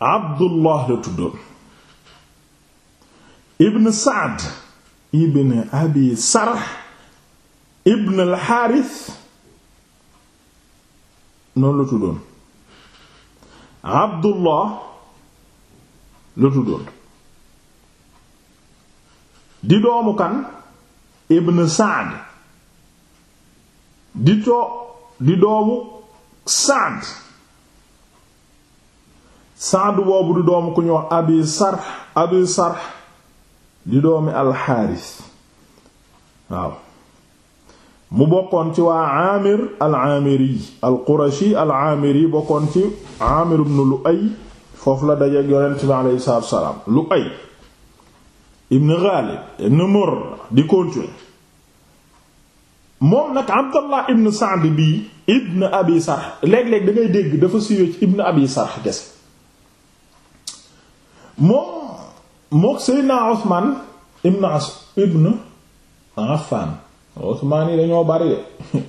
abdullah la tuddoon ibn saad ibn abi sarh ibn alxaaris noonu la tuddoon abdullah la tuddoon di doomu kan ibn saad di too di doomu saad Saad boobu di doomu ku ñu wax Abi Sarh Abi Sarh di doomi Alxaaris waaw mu bokkoon ci waa Amir al-Amiri al-Qurashi al-Amiri bokkoon ci Amir ibn Lu'ay foofu la dajeek Yonent bi aleyhi salaatu wa salaam Lu'ay Ghalib ibn Murra di continuer moom nag Abdallah ibn Sa'd bi ibn Abi Sarh léeg-léeg da ngay dégg dafa siiwee ci ibn Abi Sarh kese moom mook Seydina Usmaan ibn as ibn Affaan Usmaan yi dañoo bari de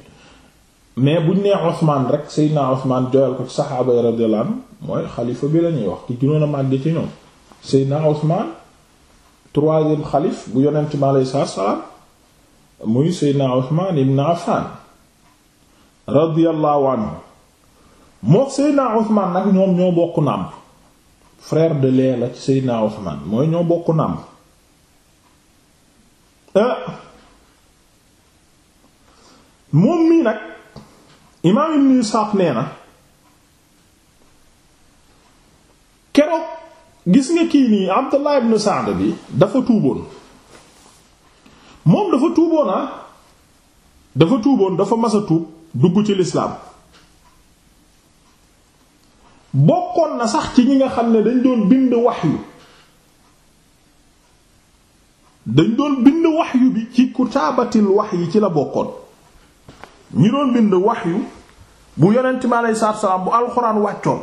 mais buñ nee Usmaan rek Seydina Usmaan jooyal ko saxaaba yi radiyallahu mooy xalifa bi lañuy wax ki gënoon a màgg ci ñoom Seydina Usmaan troisième xalif bu yonent mi alayhi salaatu salaam muy Seydina Usmaan ibn Affaan radiyallahu anhu mook Seydina Usmaan nag ñoom ñoo bokk nàmp frère de lait la ci Seydina Usmaan mooy ñoo bokk nàmp ah. moom mii nag imaam Ibn Isaaq nee na keroog gis nga kii nii Abdullah ibn Sa'd bi dafa tuuboon moom dafa tuuboon ah dafa tuuboon dafa mas tuub dugg ci lislaam bokkoon na sax ci ñi nga xam ne dañ doon bind wahyu dañ doon bind waxyu bi ci kutaabatil wahyi ci la bokkoon ñi doon bind wahyu bu yonent bi aleyhi salaatu salaam bu alxuraan wàccoon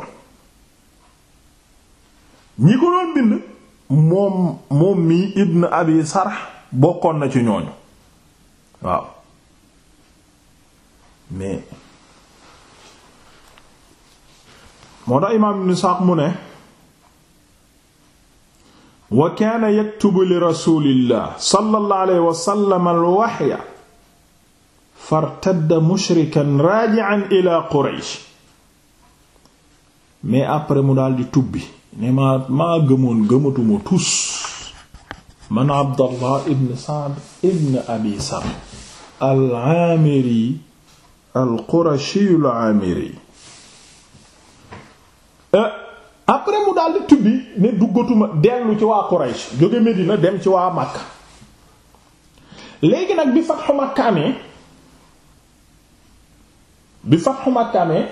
ñi ko doon bind moom moom mii ibn abi sarh bokkoon na ci ñooñu waaw mais moo tax imaam ibn Isxaaq mu ne wa kaana yaktubu li rasulillah sallallahu alayhi wa sallam al-wahya fartadda mushrikan raaji'an ila Quraysh mais après mu daal di tubbi ne maa maa gëmoon gëmatuma tus man Abdallah ibn Sa'd ibn Abi Sarh al-Aamiri al-Qurashi al-Aamiri Euh, après mu daal di tubbi ne duggatuma dellu ci waa Quraysh jóge Medina dem ci waa Makka léegi nag bi fatxu Makka amee bi fatxu Makka amee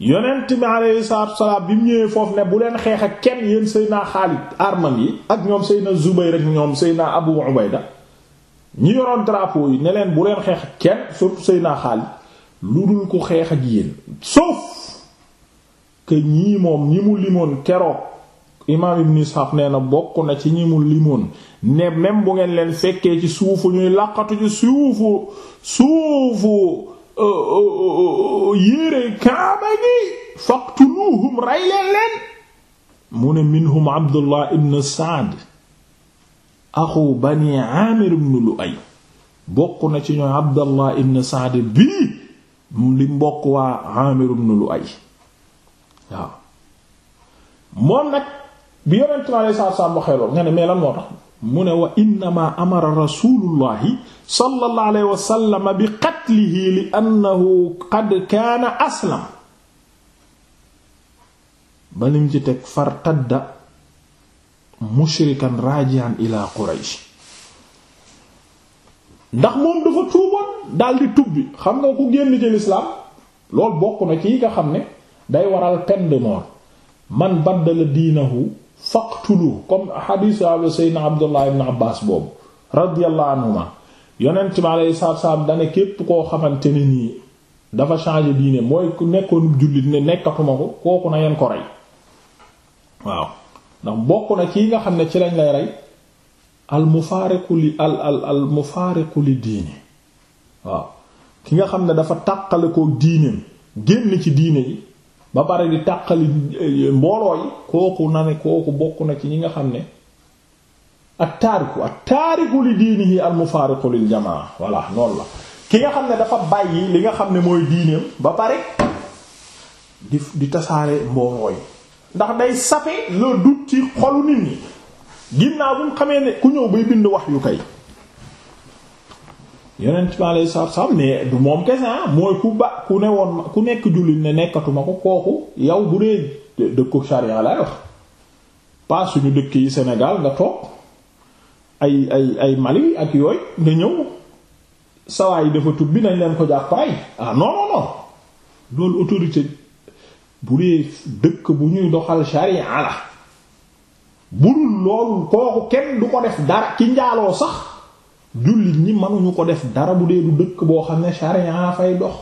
yonent bi alayhi salaatu wasalaam bi mu ñëwee foofu ne bu leen xeex ak kenn yéen naa Xaalid armam yi ak ñoom Seydina Zubayr ak ñoom Seydina Abu Ubayda ñi yoroon drapeau yi ne leen bu leen xeex ak kenn surtout Seydina Xaalid lu dul ko xeex ak yéen sauf que ñii moom ñi mu limoon keroog imaam ibn Ishaq nee na bokk na ci ñi mu limoon ne même bu ngeen leen fekkee ci suufu ñuy laqatu ci suufu suufu euh, euh, euh, yére kaaba gi faqtuluhum rey leen leen mu ne minhum Abdullah ibn Sa'd axu bani Aamir ibn Lu'ay bokk na ci ñooy Abdallah ibn Sa'd bii li mbokk waa Aamir ibn Lu'ay waaw moom nag bi yonent mi aleyhi salaatu salaam waxee lool nga ne mais lan moo tax mu ne wa innama amara rasulullahi sallallahu alayhi wa sallam bi qatlihi li annahu qad kaana aslam balim ci teg fartadda mushrikan rajian ila quraysh ndax moom dafa tuuboon daldi tubbi xam nga ku génn ci lislaam loolu bokk na ci nga xam ne day waral peine de mort man baddala diinahu faqtulu comme hadith wa sayyidina Abdullah ibn Abbas boobu radiyallahu anhuma yonent mi alayhi salaatu salaam képp koo xamante ne nii dafa changé diine mooy ku nekkoon jullit ne nekkatuma ko kooku na yeen ko rey waaw ndax bokk na kii nga xam ne ci lañ lay rey al mufaariqu li al diine waaw ki nga xam ne dafa tàqale koo diineem génn ci diine yi ba pare di tàqali eh, mbooloo kooku na ne kooku bokk na ci ñi nga xam ne ak taariku ak taariku li diinihi al mufaariqu lil jamaa voilà noonu la ki nga xam ne dafa bàyyi li nga xam ne mooy diineem ba pare di di tasaare mbooloo ndax day sape le doute ci xolu nit ñi ginnaaw bu ñu xamee ne ku ñëw bay bind wax yu kay yonent bi alayhi salaatu salaam mais du moom kese ah mooy ku ba ku ne woon ku nekk jullit ne nekkatuma ko kooku yow bu dee dëkku charia lay dëkk yi Sénégal nga ay ay ay Mali ak yooyu nga ñëw sawaay dafa tubbi nañ leen ah, autorité bu bu ñuy doxal charia la budul loolu kooku kenn du ko def dara ki njaaloo sax. jullit ñi mënuñu ko def dara bu dee du dëkk boo xam ne charia fay dox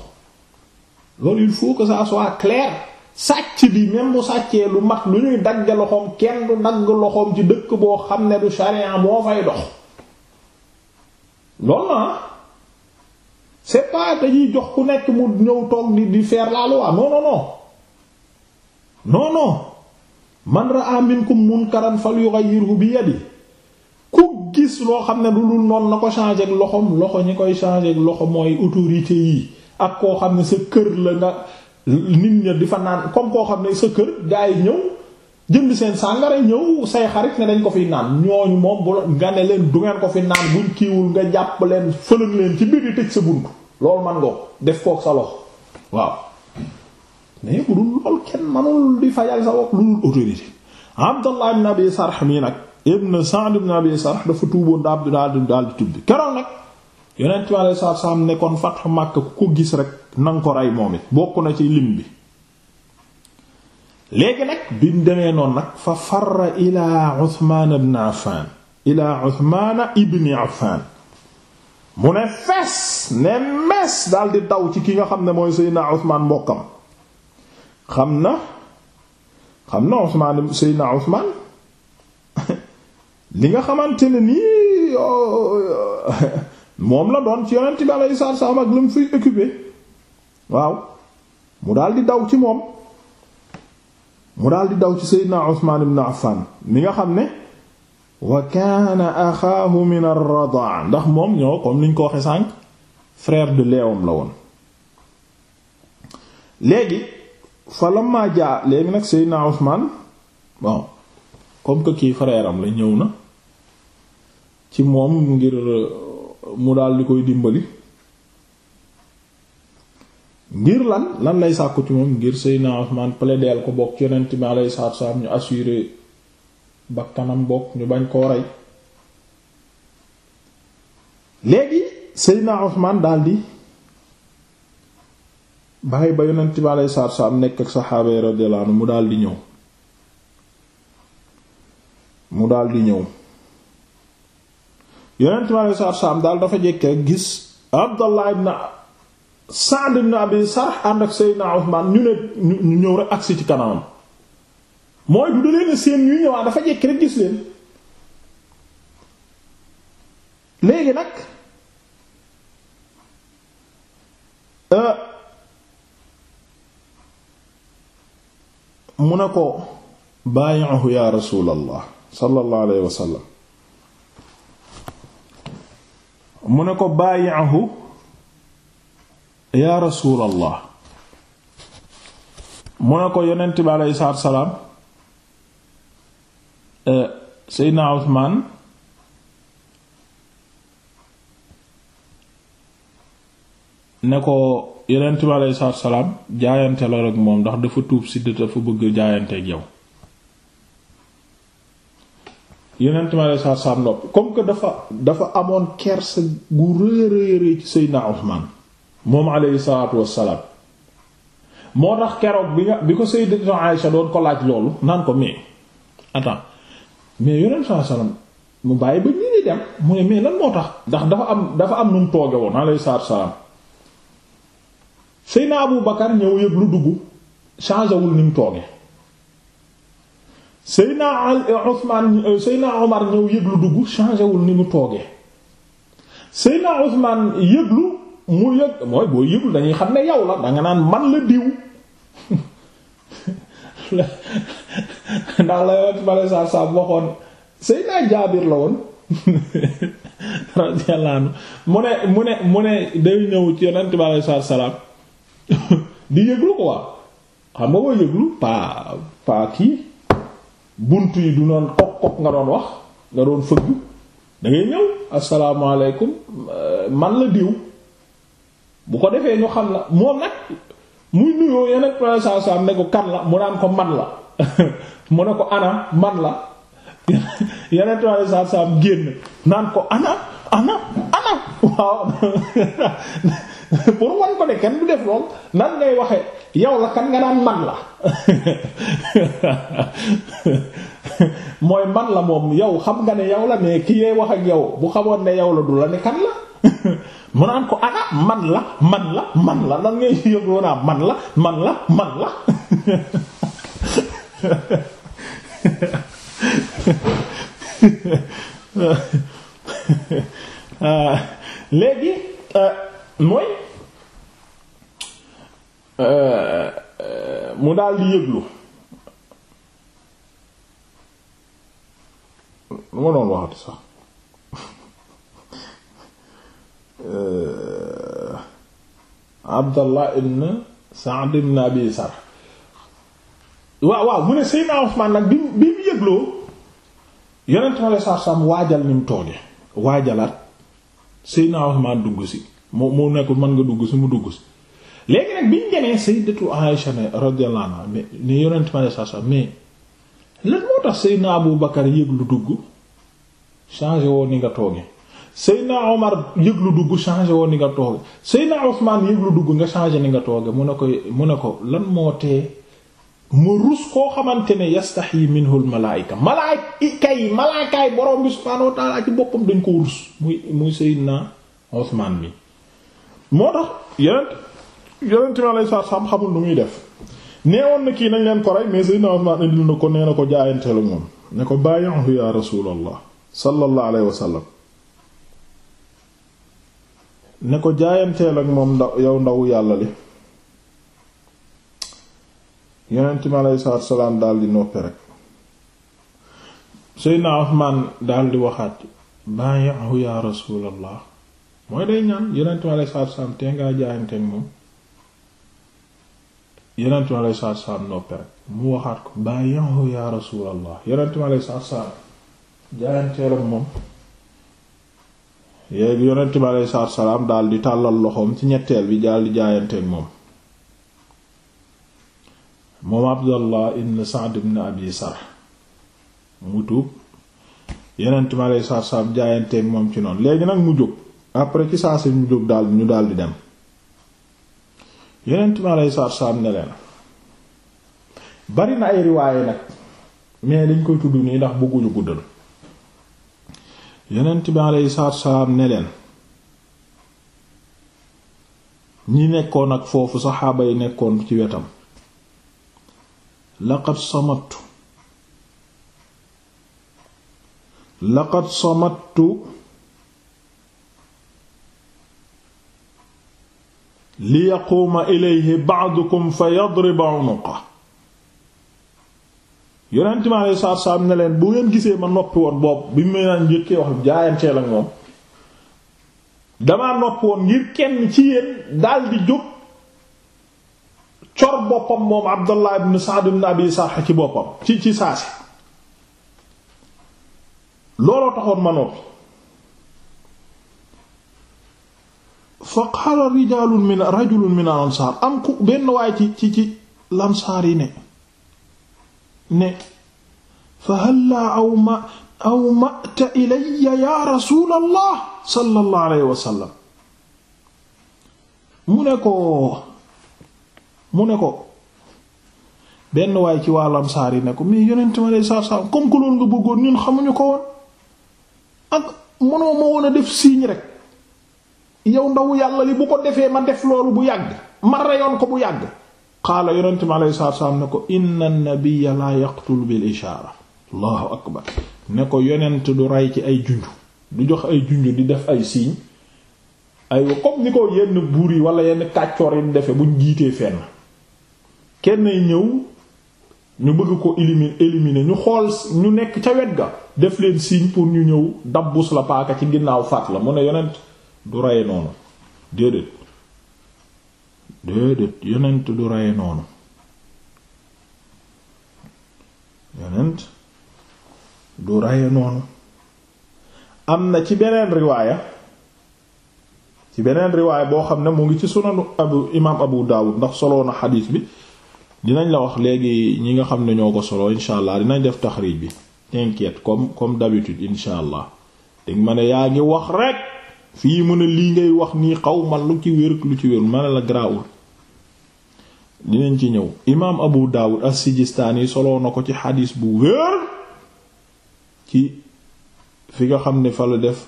loolu il faut que ça soit sàcc bi même bu sàccee lu mag lu ñuy dagg loxoom kenn du dagg loxoom ci dëkk boo xam ne du charia moo fay dox loolu na ah. c'est pas dañuy jox ku nekk mu ñëw toog di di faire la loi non non non non non man ra'a minkum munkaran falyughayyirhu bi gis loo xam ne du dul noonu na ko changer loxoom loxo ñi koy changer loxo mooy autorité yi ak koo xam ne sa kër la nga nit ña di fa naan comme koo xam ne sa kër gaa yi ñëw jënd seen sàngara ñëw say xarit ne dañ ko fi naan ñooñu moom bu nga ne leen du ngeen ko fi naan buñ kiiwul nga jàpp leen fëlën leen ci biir di tëj sa bunt loolu man def kook sa loxo waaw mais bu dul kenn manul di fayal sa bopp lu dul autorité Abdallah ibn Abi Sarh mi nag ibn Sa'd ibn Abi Sarh dafa tuuboon daal di daal di tubbi keroog nag yonent bi alayhi salaatu salaam nekkoon fatxu Makka ku ko gis rek nanga ko rey moom it bokk na ci lim bi léegi nag bi mu demee noonu nag fa farra ila Usmaan ibn Affaan ila mu ne fees ne mees daal daw ci ki nga xam ne mooy Seydina Usmaan mbokkam xam na xam na Usmaan Seydina Usmaan li nga xamante ne nii moom la doon ci yonent bi alayhi salaatu ak lu mu fiy occupé waaw mu daal di daw ci moom mu daal di daw ci Seydina Usmaan ibn Affan mi nga xam ne wa kaana axaahu min ar-radaa ndax moom ñoo comme niñ ko waxe sànq frère de leewam la woon léegi fa lamma jaa léegi nag Seydina Usmaan bon comme que kii frère la ñëw na ci moom ngir mu daal di koy dimbali ngir lan lan lay sàkku ci moom ngir Seydina Usmaan plaideel ko bokk ci yonent mi alayhi salaatu salaam ñu assuré bakkanam bokk ñu bañ koo rey léegi Seydina Usmaan daldi bàyyi ba yonent bi alayhi salaatu salaam nekk ak saxaaba yi radiyallahu anhu mu daldi ñëw mu daldi ñëw yonent mi alayhi salaam daal dafa jekk rek gis Abdallah ibn Sa'd ibn Abi Sarh ànd ak Seydina Usmaan ñu ne ñu ñëw rek agsi ci kanamam mooy du da leen seen ñuy ñëwaat dafa jekk rek gis leen léegi nag euh, mu ne ko bàyyihu ya rasuulallah sallallahu alayhi mu ne ko baayi'ahu yaa rasuulallah mu ne ko yonent bi aleyhi salaatu salaam e, Seydina Usmaan ne ko yonent bi aleyhi salaam jaayante la rek moom ndax dafa tuub si dafa bëgg jaayanteeg yow yonent mi alayhi salaatu salaam nopp comme que dafa dafa amoon kersa gu rëy rëy rëy ci Seydina Usmaan moo tax keroog bi nga bi ko Seydina Aysa ko laaj loolu naan ko mais attends mais yonent mu bàyyi ba ñu mais lan moo ndax dafa am dafa am nu mu tooge woon alayhi salaatu salaam Seydina Abu Bakar ñëw yëg lu dugg changé wul ni mu tooge Seyna eh, Ousmane eh, Seyna Omar ñëw yëglu dugg changé wul ni mu toogee Seyna Ousmane yëglu mu yëg mooy boo yëglu dañuy xam ne yow la danga naan man la diw ndax la yow bale saab saab waxoon Seyna Jaabir la woon mu ne mu ne mu ne day ñëw ci yonent bi aleyhi salaam di yëglu quoi xam nga boo yëglu paa paa kii bunt yi du noon kok kok nga doon wax nga doon fëgg da ngay ñëw asalaamaaleykum euh, man la diw bu ko defee ñu xam la moom nag muy nuyoo yeneen saa saa ne kan la mu naan ko man la mu ne ko ana man la yeneen saa saa génn naan ko ana ana ana waaw pour wan ko ne kenn du def lool nan ngay waxe yow la kan nga naan man la mooy man la moom yow xam nga ne yow la mais ki yee wax ak yow bu xamoon ne yow la du la ne kan la mu naan ko ana man la man la man la nan ngay yëgoo man la man la man la ah, léegi euh, mooy euh, euh, mu daal di yëglu lu ma doon sax euh, Abdallah ibn Sa'd ibn Abi Sarh waaw waaw mu ne Seydina Usmaan nag bi bi mu yëgloo yonent ma la sax sam waajal ni mu toogee waajalaat Seydina Usmaan dugg si moo moo nekkul mën nga dugg si mu dugg si léegi nag bi ñu demee sayyidatu Aisha ne radiyallahu anha mais ni yonent ma saa saa mais lan moo tax Seydina Abu Bakar yëg lu dugg changé woon ni nga toogee Seydina Omar yëg lu dugg changé woon ni nga toogee Seydina Ousmane yëg lu dugg nga changé ni nga toogee mu ne ko mu ne ko lan moo tee mu rus koo xamante ne yastaxyi minhu al malaayika malaayika yi malaayikaay borom bi subhaanahu wa ta'aala ci boppam dañ ko rus muy muy Seydina Ousmane bi moo tax yeneen yeneen time alay saar saam xamul nu muy def neewoon na kii nañ leen ko rey mais Seydina Usmaan indil na ko nee ko jaayanteelu moom ne ko bàyyi ya rasulallah sallallahu alayhi wa sallam ne ko jaayanteel ak moom ndaw yow ndaw yàlla li yonent mi aleyhi salaatu salaam daldi noppi rek Seydina Usmaan daldi waxaat bàyyanhu ya rasulallah mooy day ñaan yonentu Yàlla sallallahu alayhi wasallam te ngaa jaayanteeg moom yonentu Yàlla sallallahu alayhi noppe rek mu waxaat ko bàyyahu ya rasulallah yonentu Yàlla sallallahu alayhi wasallam moom daal di tàllal loxoom ci ñetteel bi daal di jaayanteeg moom moom Abdallah ibn Sa'd ibn Abi Sarh mu tuub yonentu bi aleyhi salaatu salaam moom ci noonu léegi nag mu jóg après ci saa si jóg daal ñu daal di dem yeneen ma lay saar saar ne leen bari na ay riwaaye nag mais dañ koy tudd nii ndax bëgguñu guddal yonent bi alayhi salaatu salaam ne leen ñi nekkoon ak foofu saxaaba yi nekkoon ci wetam laqad samattu laqad samattu li yaquuma ilayhi ba'dukum fa yadriba unuqa yonent mi alayhi salaatu salaam bu ngeen gisee ma noppi woon boobu bi mu naan njëkkee wax jaayanteel ak moom damaa noppi woon ngir kenn ci yéen daldi jóg cor boppam moom Abdullah ibn Sa'd ibn Abi Sarh ci boppam ci ci saasi looloo taxoon ma noppi fa qaala rijaalun min rajulun min al ansaar am ku benn waay ci ci ci lansaar yi ne ne fa halla aw ma aw ma'ta ilayya ya mu ne ko mu ne ko benn waay ci waa lansaar yi ne ko mais yonent mi alayhi salaatu salaam bëggoon ñun xamuñu ko woon ak mënoo ma woon a def signe rek yow ndawu yàlla li bu ko defee ma def loolu bu yàgg ma reyoon ko bu yàgg qaala yonente mi alayhi salaatu salaam ne ko inna nabiyya laa yaqtul bil ishaara allahu akbar ne ko yonent du rey ci ay junj du jox ay junj di def ay signe ay comme ni ko yenn buur yi wala yenn kàccoor yi defe ñu jiitee fenn kenn ñëw ñu bëgg ko éliminer éliminer ñu xool ñu nekk ca wet ga def leen signe pour ñu ñëw dabbus la paaka ci ginnaaw faat la mu ne yonent du rey noonu déedéet déedéet yonent du raye noonu yonent du raye noonu am na ci beneen riwaaya ci beneen riwaaya boo xam ne mu ngi ci sunanu abu imaam abu daawud ndax solo na xadiis bi dinañ la wax léegi ñi nga xam ne ñoo ko solo insha allah dinañ def taxriij bi t'inquiète comme comme d'habitude insha allah ma ne yaa ngi wax rek fii mu ne lii ngay wax nii xaw ma lu ci wér lu ci wér ma la garaawul dinañ ci ñëw imaam abu daawud as-sijistaani soloo na ko ci xadiis bu wér ci fi nga xam ne fa la def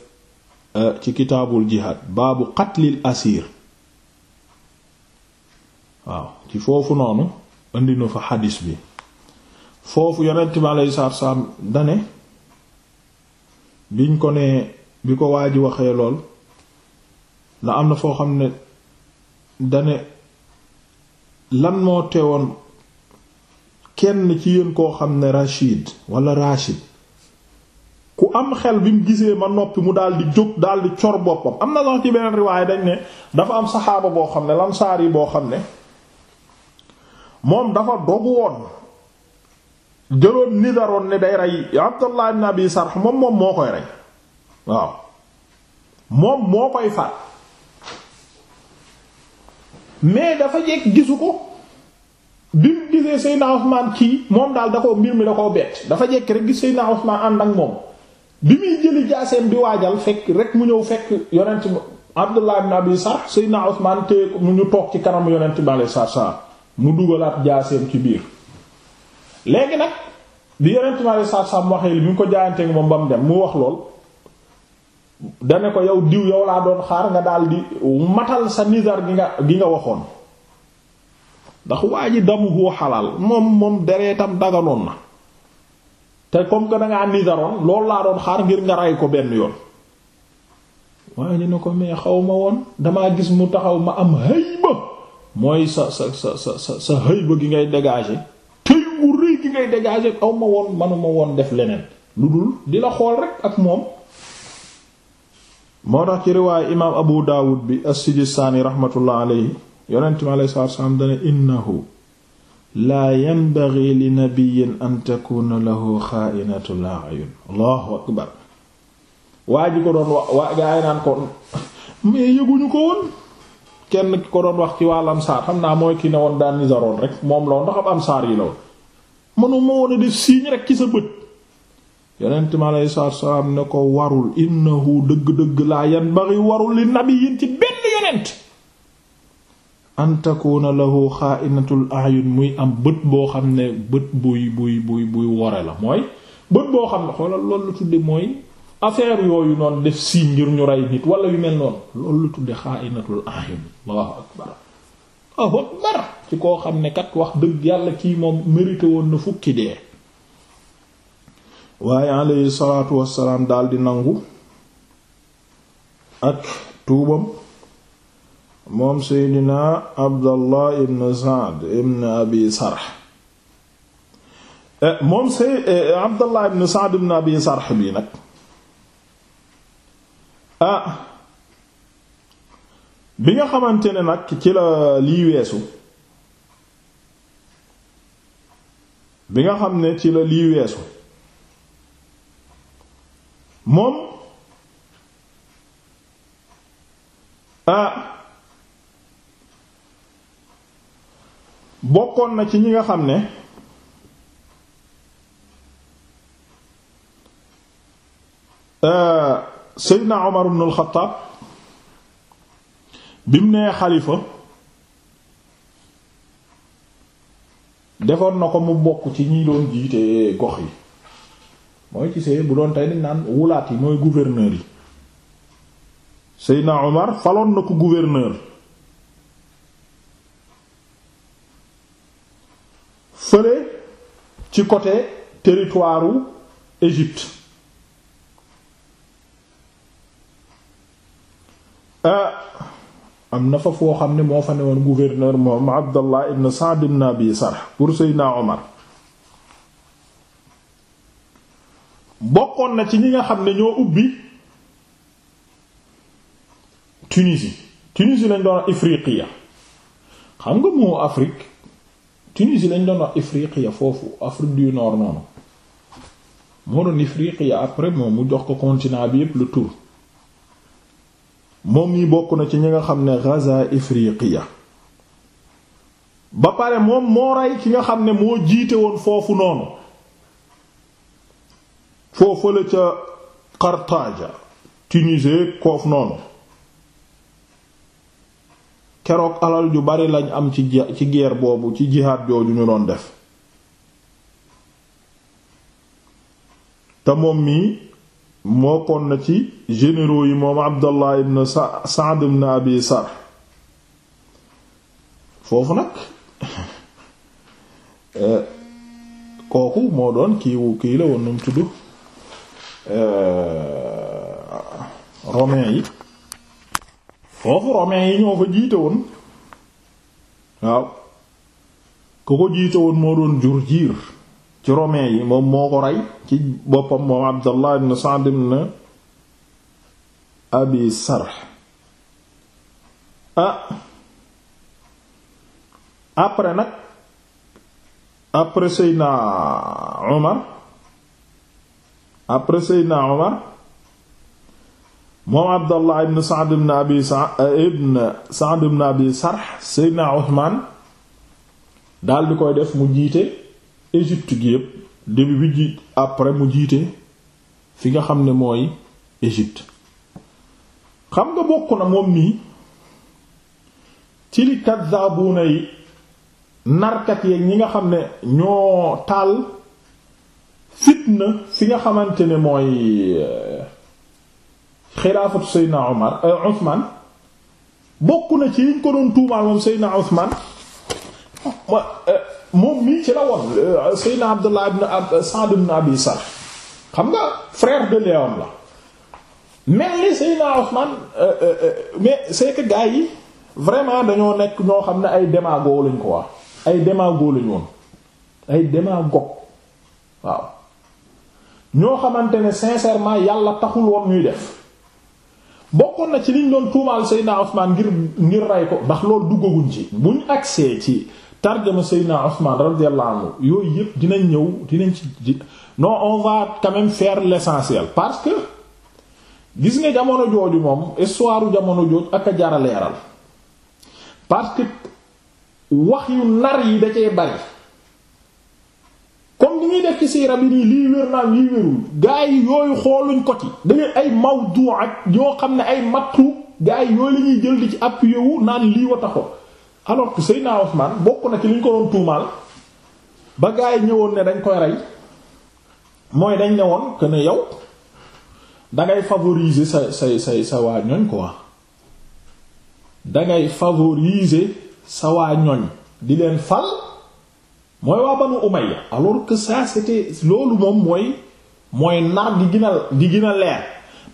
euh, ci kitaabul jihaad baabu qatlil asiir waaw ci foofu noonu indi na fa xadiis bi foofu yonent bi alayhi salaatu salaam dane biñ ko ne bi ko waa ji waxee lool ndax am na foo xam ne dane lan moo teewoon kenn ci yéen koo xam ne Rachid wala Rachid ku am xel bi mu gisee ma noppi mu daal di jóg daal di cor boppam am na sax ci beneen riwaay dañ ne dafa am saxaaba boo xam ne lamsaar yi boo xam ne moom dafa dogu woon jëloon nidaroon ne day rey Abdullah ibn Abi moom moom moo koy rey waaw moom moo koy faat mais dafa jekk gisu ko bi mu gisee Seydina Usmaan kii moom daal da koo mbir mi da ko bett dafa jekk rek gis Seydina Usmaan ànd ak moom bi muy jëli jaaseem bi waajal fekk rek mu ñëw fekk yonent Abdullah ibn Abi Sarh Seydina Usmaan te mu ñu toog ci kanam yonent bi alayhi salaatu mu dugalaat jaaseem ci biir léegi nag bi yonent bi alayhi salaatu salaam waxee li bi mu ko jaayanteek moom ba mu dem mu wax lool dane ko yow diw yow laa doon xaar nga daldi matal sa nizar gi nga gi nga waxoon ndax waa ji damuhu xalaal moom moom deretam daganoon na te comme que dangaa nizaroon loolu laa doon xaar ngir nga rey ko benn yoon waaye ni ko mais xaw ma woon damaa gis mu taxaw ma am hayba mooy sa sa sa sa sa gi ngay dégager tey wu rëy gi ngay dégager aw ma woon manuma woon def leneen lu dul di la xool rek ak moom moo tax ci riwaaye imaam abu daawud bi as-sijistaani raxmatullah alayhi yonent mi alayhi salaatu salaam dana laa yanbaghi li nabiyyin an takuna lahu xaa'inatul a'yun allahu akbar waa ko doon wax waa gaa yi naan ko mais yëguñu ko woon kenn ki ko doon wax ci wàll ansaar xam naa mooy ki ne woon daan nizaroon rek moom la woon ndax am ansaar yi la woon mënu ma woon a def siiñ rek ci sa bët yonent mi aleyhi salaatu ne ko warul innahu dëgg-dëgg laa yanbaghi warul li nabiyyin ci benn yonent an takuna lahu xaa'inatul a'yun muy am bët boo xam ne bët buy buy buy buy wore la mooy bët boo xam ne xoolal loolu la mooy affaire yooyu noonu def si ngir ñu rey nit wala yu mel noonu loolu la tudde xaa'inatul a'yun allahu akbar allahu ci koo xam ne kat wax dëgg yàlla kii moom mérité woon na fukki dee waaye alayhi salaatu wassalaam daal di nangu ak tuubam moom seydina abdallah ibn saad ibn abi sarx eh, moom sey eh, abdallah ibn saad ibn abi sarx bi nag ah bi nga xamante ne nag ci la lii weesu bi nga xam ne ci la lii weesu moom ah, bokkoon na ci ñi nga xam ne Seydina Omar ibn al-Khattab bi mu nee xalifa defoon na ko mu bokk ci ñi doon jiite gox yi mooy ci bu doon tey dañ naan wulaat yi mooy gouverneur yi Seydina Omar faloon na ko gouverneur fële ci côté territoire u Égypte ah, am na fa foo xam ne moo fa ne woon gouverneur moom Abdallah ibn Sa'd ibn Abi pour Seydina Omar bokkoon na ci ñi nga xam ne ñoo ubbi Tunisie Tunisie lañ doon wax Ifriqiya xam nga moo Afrique Tunisie lañ doon wax Ifriqiya foofu Afrique du Nord noonu moo doon Ifriqiya après moom mu jox ko continant bi yëpp le tour moom ñi bokk na ci ñi nga xam ne Gaza Ifriqiya ba pare moom moo rey ki nga xam ne moo jiite woon foofu noonu foofu la ca Carthage Tunisie koof noonu keroog alal ju bari lañ am ci ci boobu ci jihaad jooju ñu doon def te moom mii mokkoon na ci généraux yi moom Abdallah ibn Sa'd ibn Abi Sarh foofu nag eh, kooku moo doon kiiwu kii la woon nu mu tudd Euh, romains yi foofu romains yi ñoo ko jiite woon waaw ku ko jiite woon moo doon Jurjiir ci romains yi moom moo ko rey ci boppam moom Abdallah ibn Sa'd ibn Abi Sarh ah. après nag après Seydina Omar après Seydina Omar moom Abdallah ibn Sa'd ibn Abi eh, ibn Sa'd ibn Abi di koy def mu jiite Égypte gi yépp début bi ji après mu jiite fi nga xam ne mooy Égypte xam nga bokk na moom mii ci li kazzabuna yi narkat yeeg ñi nga xam ne ñoo taal fitna fi nga xamante ne mooy euh, xilaafatu Seydina Omar euh, Ousmane bokk na ci yiñ ko doon tuumaal moom Seydina Ousmane euh, moom mii ci la woon Seydina Abdullah ibn Sa'd ibn Abi Sar xam nga frère de Léon la mel ni Seydina Ousmane mais c'est que yi vraiment dañoo nekk ñoo xam ne ay démago lañ ko wax ay démago lañ woon ay démago waaw ñoo xamante ne sincèrement yàlla taxul woon ñuy def bokkoon na ci liñ doon tuumaal Seydina Ousmane ngir ngir rey ko ndax loolu duggaguñ ci buñ agsee ci tarjama Seydina Ousmane radiyallahu anhu yooyu yëpp dinañ ñëw dinañ ci non on va quand même parce que gis nga jamono jooju moom histoire jamono jooju ak a jara leeral parce que wax yu nar yi da cee bari ñuy def ci siira bi nii lii wér naam lii wérul gaa yooyu xooluñ ko ci dañuy ay mawdu ak yoo xam ne ay mattu gaa yi yooyu la ñuy jël di ci appuyé naan lii ko taxo alors que Seydina Ousmane bokk na ci li ñu ko doon tuumaal ba gaa yi ñëwoon ne dañ koy rey mooy dañ ne woon que ne yow dangay favoriser sa sa sa sa waa ñoñ quoi dangay favoriser sa waa ñoñ di leen fal mooy waa banu umayya alors que ça c'était loolu moom mooy mooy nar di gën a leer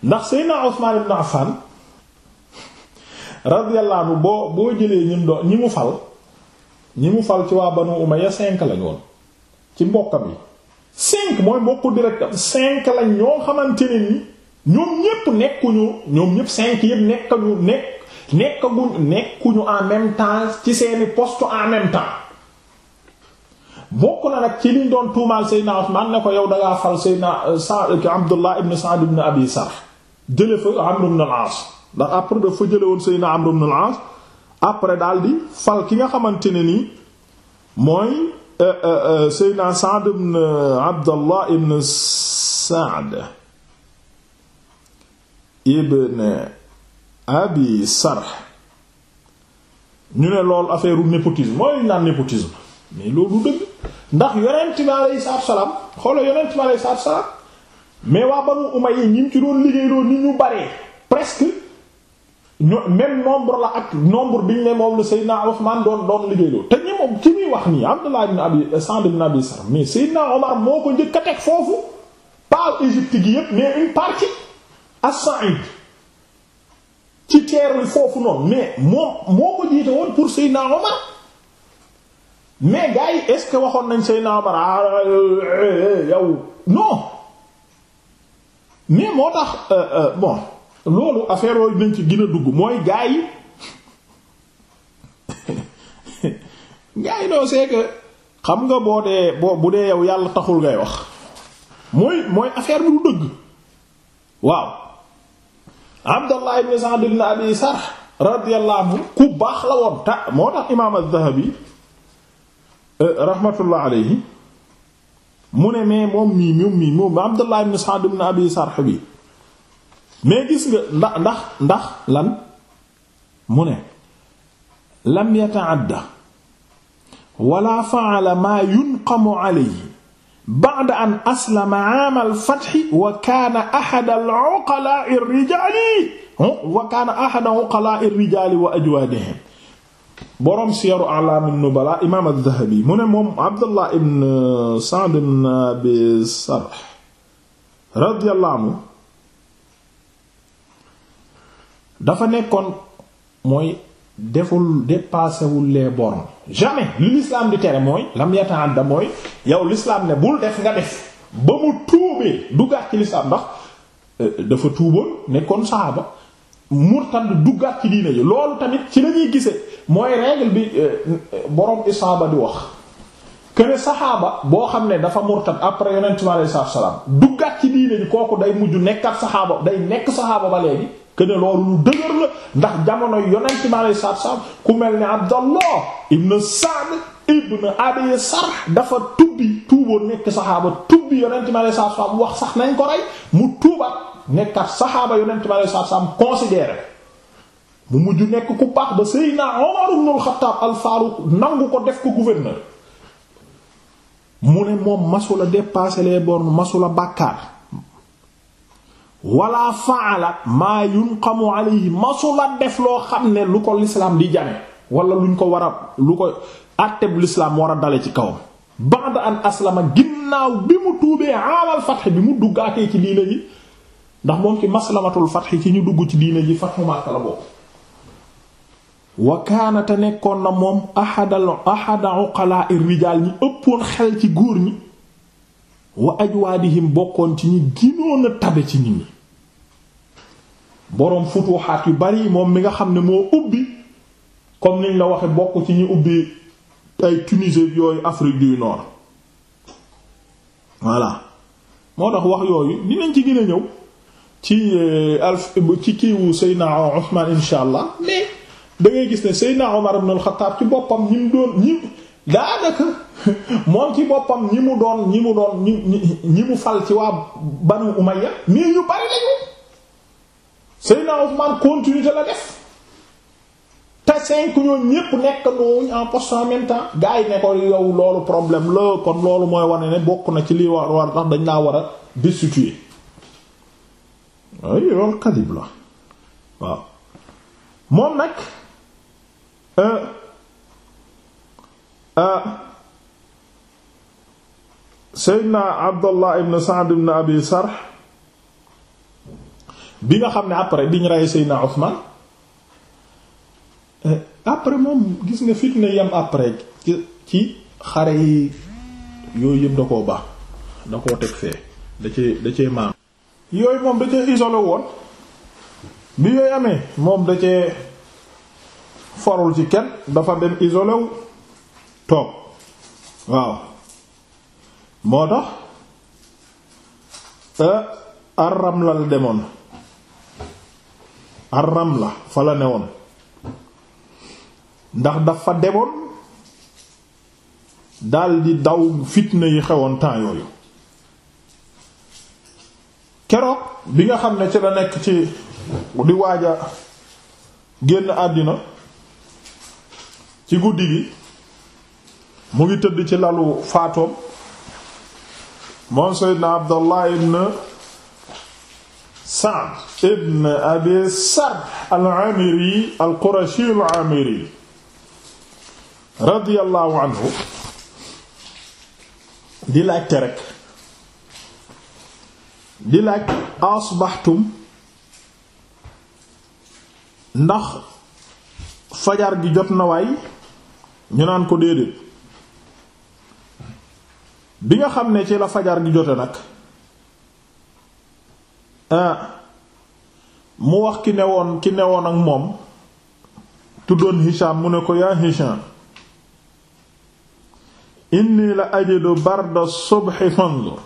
ndax Seydina na ibn Affan radiyallahu anhu boo boo jëlee ñim do ñi mu fal ñi mu fal ci waa banu umayya cinq lañ woon ci mbokkam yi cinq mooy mbokku directam cinq lañ ñoo xamante ne ñoom ñépp nekkuñu ñoom ñépp cinq yépp nekkañu nekk nekkuñu en même temps ci seeni poste en même temps bokk na nag ci liñ doon tuumaal Seydina ko yow dangaa fal Seydina euh, euh, Sa'd Abi Sarh jële fa Amr ibn al-As ndax après dafa jële woon Seydina Amr daal di fal ki nga xamante ne nii mooy euh, Seydina Sa'd ibn Abdullah ibn Sa'd ibn Abi Sarh ñu ne loolu affaire u népotisme mooy loolu dëgg ndax yonent bi alayhi salaatu salaam xoolal yonent bi alayhi salaatu salaam mais waa Banu Umayya ñi ci doon liggéey doon ni ñu baree presque ñu nombre la ak nombre bi ñu ne moom la naa Ousmane doon doon liggéey doon te ñi moom ci muy wax nii Abdullah ibn Abi euh, Sa'd ibn Abi Sarh mais Seydina Omar moo ko njëkk teg foofu pas Égypte gi yépp mais une partie as-Sa'id ci teer wi foofu noonu mais moom moo ko jiite woon pour Seydina Omar. mais gars yi est-ce que waxoon nañ Seydina Omar ah, euh, euh, yow non mais moo tax euh, bon loolu affaire yooyu nañ ci gën dugg mooy gars yi gars yi non c'est xam nga boo dee boo bu dee yow yàlla taxul ngay wax mooy mooy affaire bi du dëgg waaw Abdallah ibn Sa'd ibn Abi Sarh radiyallahu ku baax la woon ta moo tax imaam Az-Zahabi Euh, rahmatullah alayhi mu ne mais moom mii moom mii moom Abdullah ibn Sa'd ibn Abi Sarh bi mais gis nga ndax ndax ndax lan mu ne lam yata'adda wala fa'ala ma yunqamu alayhi ba'da an aslama 'aam al-fath wa kaana ahad al-'uqalaa'i ar-rijaali wa kaana ahad 'uqalaa'i ar-rijaali wa ajwaadihim boroom siyaru alaamin nubala imaam az-Zahabi mu ne moom Abdullah ibn Sa'd ibn Abi Sarh radiyallahu anhu dafa nekkoon mooy deful dépassewul les bornes jamais li l'islam di tere mooy lam yata'adda mooy yow l'islam ne bul def nga def ba mu tuubee duggaat ci l'islam ndax euh, dafa tuuboon nekkoon saxaaba murtad duggaat ci diine ji loolu tamit ci lañuy gise mooy règle bi euh, borom isaaba di wax kene saxaaba boo xam ne dafa murtad après yonent mi alayhi salaam duggaat ci diine ji kooku day mujj nekkat saxaaba day nekk saxaaba ba léegi kene loolu lu dëgër la ndax jamono yonent mi alayhi salaam ku mel ni Abdallah ibn Sa'd ibn Abi Sarh dafa tubbi tuuboo nekk saxaaba tubbi yonent mi alayhi mu wax sax nañ ko rey mu tuubaat nekkat saxaaba yonent mi alayhi salaam considéré mu mujj nekk ku baax ba Seydina Omar ibn al-Khattab al-Faruq nangu ko def ko gouverneur mu ne moom masula dépasser les bornes masula bàkkaar wala faala maa yunqamu alayhi masula def loo xam ne lu ko lislaam di jame wala luñ ko war a lu ko àtteb lislaam war a dale ci kaw ba'da an aslama ginnaaw bi mu tuubee aalal fatx bi mu duggaatee ci diina ji ndax moom ci maslamatul fatx ci ñu dugg ci diina ji fatxu Makka la bokk wa a nekkoon na moom ahadal ahada uqalaa ir rijaal ñi ëppoon xel ci góor ñi wa ajwaadihim bokkoon ci ñi ginoon a tabe ci nit ñi boroom futuxaat yu bari moom mi nga xam ne moo ubbi comme niñ la waxe bokk ci ñi ubbi ay Tunisie yooyu Afrique du Nord voilà moo tax wax yooyu dinañ ci gën a ñëw ci euh, alf ci kiiwu Seydina Ousmane insha da gis ne Seydina Omar ibn al ci boppam ñi mu doon ñi ci boppam ñi mu doon ñi mu fal ci waa Banu Umayya mais ñu bari lañu Seydina Ousmane continuité la def te cinq ñoom ñépp nekk noonu en poste en même temps yi ne ko yow loolu problème la kon loolu mooy wane ne bokk na ci lii war war tax dañ laa war a destituer ay loolu kadib la waaw moom nag Seydina Abdallah ibn Sa'd ibn Abi Sarh bi nga xam ne après bi ñu rey Seydina Ousmane euh, après moom gis nga fitna yam après ci ci xare yi yooyu yëpp da koo baax da koo teg fee da cee da cee maam. yooyu moom da cee isolé woon bi yooyu amee moom da cee. farul ci kenn dafa dem isolé wu toog waaw moo tax euh, ar-Ramla la demoon ar la fa la woon ndax dafa demoon dal daldi daw fitna yi xewoon temps yooyu keroog bi nga xam ne ci la nekk ci di waaja génn àddina ci guddi gi mu ngi tëdd ci lalu faatoom moom seydna abdallah ibn Sa'd ibn abi Sarh al-Amiri al-Qurashi al-Amiri radiyallahu anhu di laajte rek di laaj asbaxtum ndax fajar bi jot na waay ñu naan ko déedéet bi nga xam ne ci la fajar gi jote nag ah, mu wax ki newoon ki newoon ak moom tuddoon Hisham mu ne ko yaa Hisham inni la ajidu barda subhi fanzur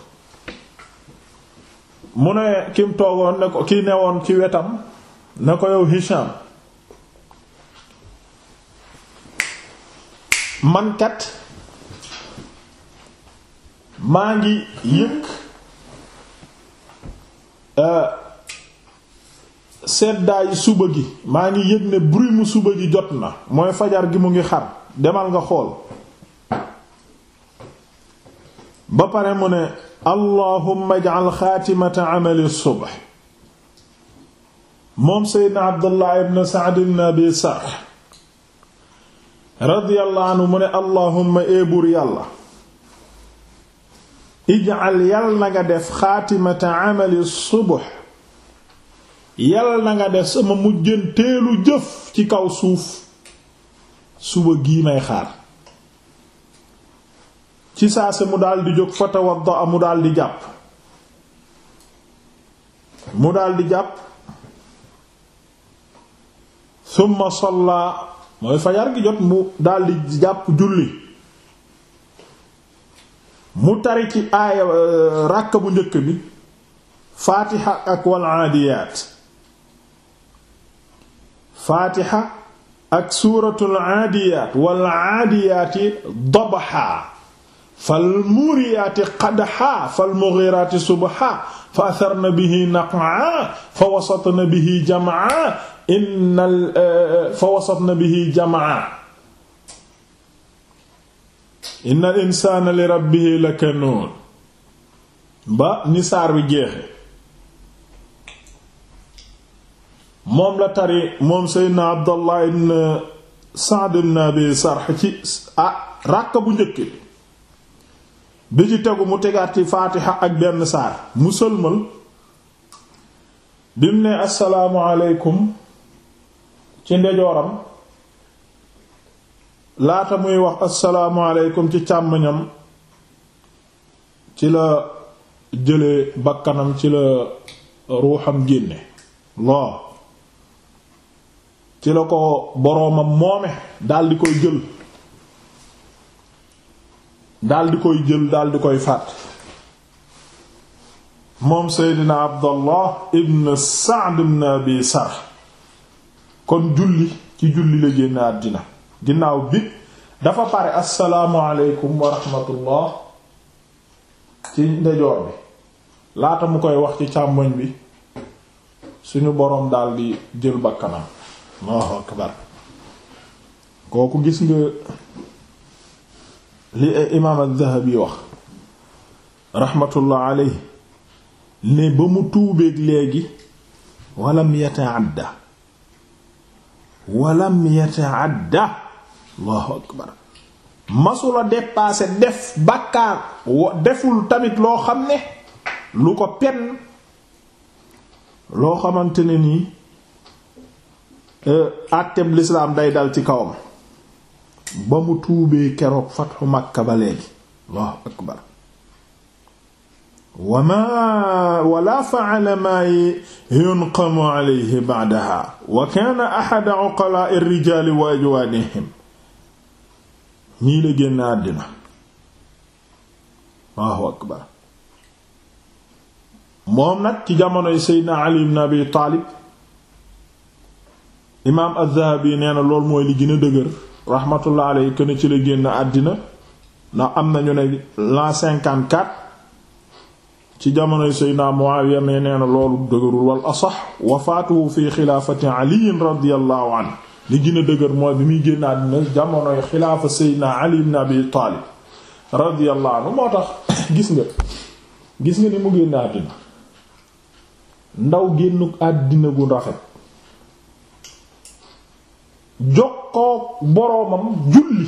mu ne kim toogoon ne ko ki newoon ci wetam ne ko yow Hisham mankat kat maa ngi yëg euh, seddaayu suba gi maa ngi yëg ne brume suba gi jot na mooy fajar gi mu ngi xar demal nga xool ba pare mu ne allahumma ij'al xaatimata amali subh moom seydna abdullah ibn sa'd ibn abi radiyallahu anhu mu ne allahumma eebur yàlla ij'al yal na nga def xaatimata amali subuh yal na nga def sama mujjanteelu jëf ci kaw suuf suba gii may xaar ci saa si mu daldi jóg fa tawadda mu daldi jàpp mu daldi jàpp summa salla mooy fajar gi jot mu daldi jàpp julli mu tari ci aaya euh, bu njëkk bi faatiha ak wal aadiyaat faatiha ak suuratul aadiyaat wal aadiyaati dabaxa falmuriyaati qadxa falmughiraati subxa fa atharna bihi naq'a fa wasatna bihi jam'a innal eh, fa wasatna bihi jamaa innal insaana li rabbihi lakanuun ba ni saar bi jeexe moom la tari moom seydna abdallah ibn Sa'd ibn Abi Sarh ci ah ràkka bu njëkk bi ci tegu mu tegaat ci ak benn saar mu sëlmal bi mu ne assalaamu aleykum ci ndejooram laata muy wax asalaamualeykum ci càmmoñam ci la jële bakkanam ci la ruuxam génne loo ci la ko boroomam moome daldi koy jël daldi koy daldi koy fàtt moom seydina abdallah ibn sa'd ibn abi kon julli ci julli la génn àddina ginnaaw bi dafa pare assalaamu aleykum wa ci ndejoor bi laata mu koy wax ci càmmoñ bi suñu boroom daldi jël bakkanam Allahu akbar kooku gis nga li imaam az wax rahmatullah aleyhi ne ba mu tuubeeg léegi walam yataadda walam yataadda allahu akbar masula dépassé def bàkkaar wa deful tamit loo xam ne lu ko pen loo xamante ne nii euh, àtteb lislaam day dal ci kawam ba mu tuubee keroog fatxu Makka ba léegi allahu akbar wama wala fa'ala ma yunqamu alayhi ba'daha wa kana ahad uqala'i ar-rijali wa ajwadihim ñii la génn àddina Allahu akbar moom nag ci jamonoy Seydina Ali ibn Abi Taalib imaam az-Zahabi nee na loolu mooy li gën dëgër rahmatullah alayhi kenn ci la génn àddina ndax am na ñu ne l'an ci jamonoy Seydina Muawiya mais nee na loolu dëgërul wal asax wafaatuhu fi xilaafati Ali radiyallahu anhu li gën dëgër mooy bi muy génn àddina jamonoy xilaafa Seydina Ali ibn Abi Taalib radiyallahu anhu moo tax gis nga gis nga ni mu génn àddina ndaw génnu àddina gu rafet jokkoo boroomam julli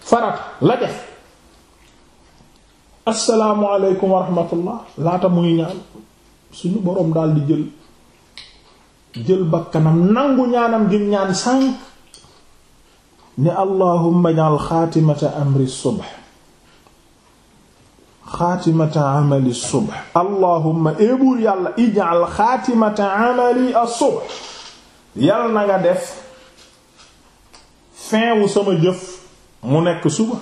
farat la def asalaamualeykum wa rahmatullah laata muy ñaan suñu boroom daal di jël jël bakkanam nangu ñaanam gi ñaan sànq ne allahumma ja'al xaatimata amri subh xaatimata amali subh yàlla ij'al xaatimata amali as yàlla na nga def fin sama jëf mu nekk suba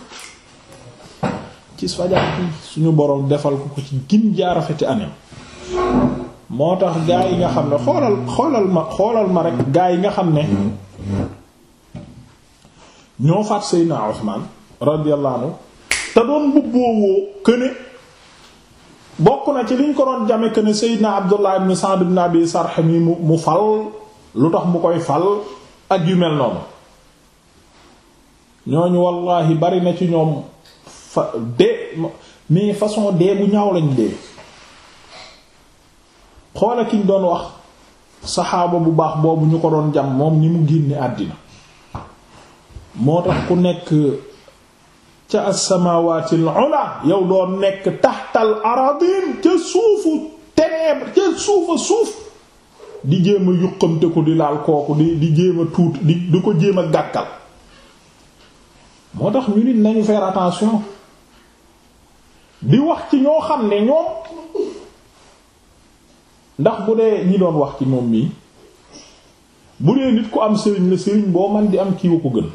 ci fajar suñu boroom defal ko ko ci gin jaarafeti aneem moo tax gaa yi nga xam ne xoolal xoolal ma xoolal ma rek gaa yi nga xam ne ñoo faat Seydina Usmaan radiyallahu anhu te doon mbubboo këne bokk na ci liñ ko doon jame këne Seydina Abdullah ibn Sa'd ibn Abi Sarh mi mu mu fal lu tax mu koy fal ak yu mel noonu ñooñu wallaahi bari na ci ñoom fa dee mais façon dee bu ñaaw lañ dee xoola kiñ doon wax saxaaba bu baax boobu ñu ko doon jam moom ni mu génne àddina moo tax ku nekk ca as-samawaatil yow doon nekk taxtal aradin ca suufu ténèbre ca suufa suuf di jéem a yuqamte ko di laal kooku di di jéem a tuut di di ko jéem a gàkkal moo tax ñu nit nañu faire attention di wax ci ñoo xam ne ñoom ndax bu dee ñi doon wax ci moom mii bu dee nit ku am sëriñ la sëriñ boo man di am kiiwa ko gën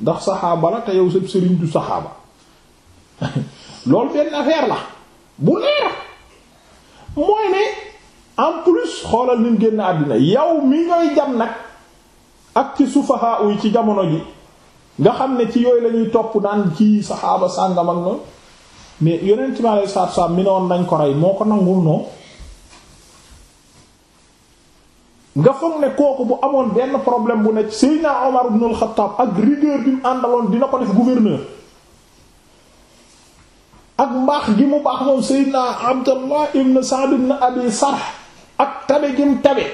ndax saxaaba la te yow sab sëriñ du saxaaba loolu benn affaire la bu leer mooy ne en plus xoolal ni mu génn àddina yow mi ngay jam nag ak ci sufaha uy ci jamono ji nga xam ne ci yooyu lañuy topp naan ci saxaaba sàngam ak noonu mais yonent bi aleyhi salaatu salaam mi ne woon nañ ko rey moo ko nangul noonu nga foog ne kooku bu amoon benn problème bu ne Seydina Omar ibn al ak rigueur bi mu àndaloon dina ko def gouverneur ak mbaax gi mu baax moom Seydina Abdallah ibn Sa'd ibn Abi Sarh ak tabe gi mu tabe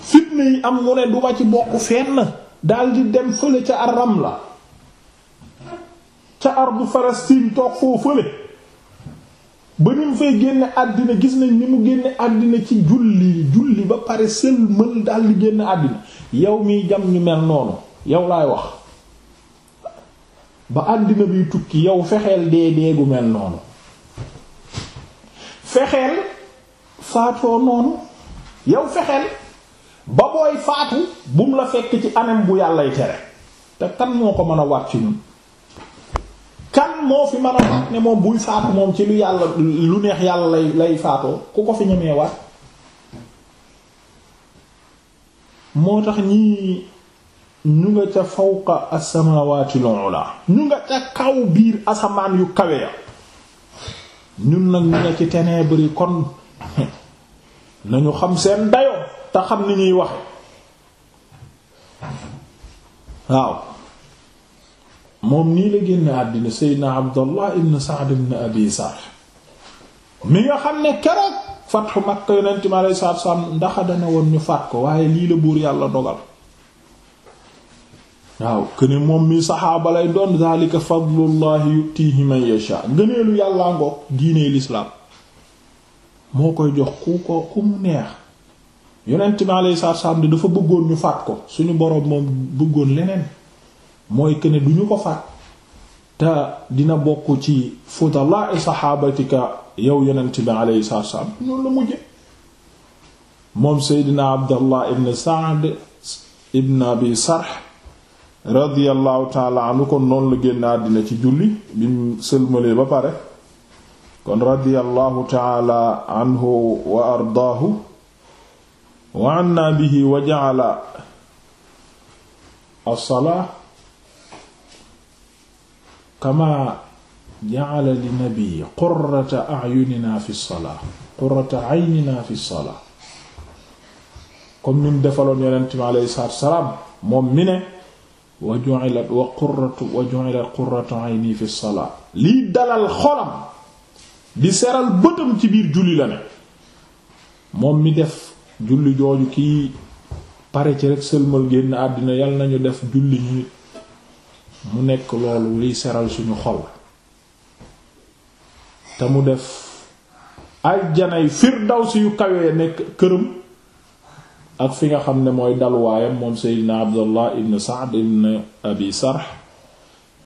fitna yi am mu ne duma ci bokk fenn daal di dem fële ca aram la ca ardu Palestine toog foofu fële ba ni mu fay génne àddina gis nañ ni mu génne àddina ci julli julli ba pare sël mën daal di génne àddina yow miy jam ñu mel noonu yow laay wax ba àddina biy tukki yow fexeel dee dee gu mel noonu fexeel faatoo noonu yow fexeel ba booy faatu bum la fekk ci anam bu yàllay tere te kan moo ko mën a wàcc ci moo fi mën a wax ne moom buy faatu moom ci lu yàlla lu neex yàlla lay lay faatoo ku ko fi ñemee wax moo tax ñii ñu nga ca fawqa as-samawati al-ula ñu nga ca kaw biir asamaan yu kawe ya ñun nag ñu nga ci ténèbres yi kon nañu xam seen dayoo te xam ni ñuy waxe waaw moom nii la génn àddina seydna abdallah ibn saad ibn abi sarh mi nga xam ne keroog fatxu makka yonent mi aleyhi salaatu salaam ndaxa dana woon ñu faat ko waaye lii la buur yàlla dogal waaw këne moom mi saxaaba lay doon daalika fadlullahi yutihi man yasha ngëneelu yàllaa ngoog diinee lislaam moo koy jox ku ko ku mu neex yonent mi aleyhi salaatu salaam dafa bëggoon ñu faat ko suñu boroom moom bëggoon leneen mooy kene du ñu ko faat te dina bokk ci fudalaa'i saxaabatika yow yonent bi alayhi salaatu wassalaam noonu la mujje moom seydina abdallah ibn saad ibn abi sarh radiyallahu taala kon noonu la génn àddina ci julli bi mu sëlmalee ba pare kon radiyallahu taala anhu wa ardaahu wa anna bihi kama ja'ala li nabi qurrata a'yunina fi salaa qurrata aynina fi salaa comme ni mu defaloon yonent bi alayhi salaatu salaam moom mi ne wa ju'ilat wa qurratu wa ju'ilat qurratu ayni fi salaa lii dalal xolam di seral bëtam ci biir julli la ne moom mi def julli jooju kii pare ci rek sëlmal génn àddina yal nañu def julli ñu mu nekk loolu liy seral suñu xol te mu def aljanay firdawsi yu kawee nekk këram ak fi nga xam ne mooy dalwaayam moom seydina abdullah ibn saad ibn abi sarh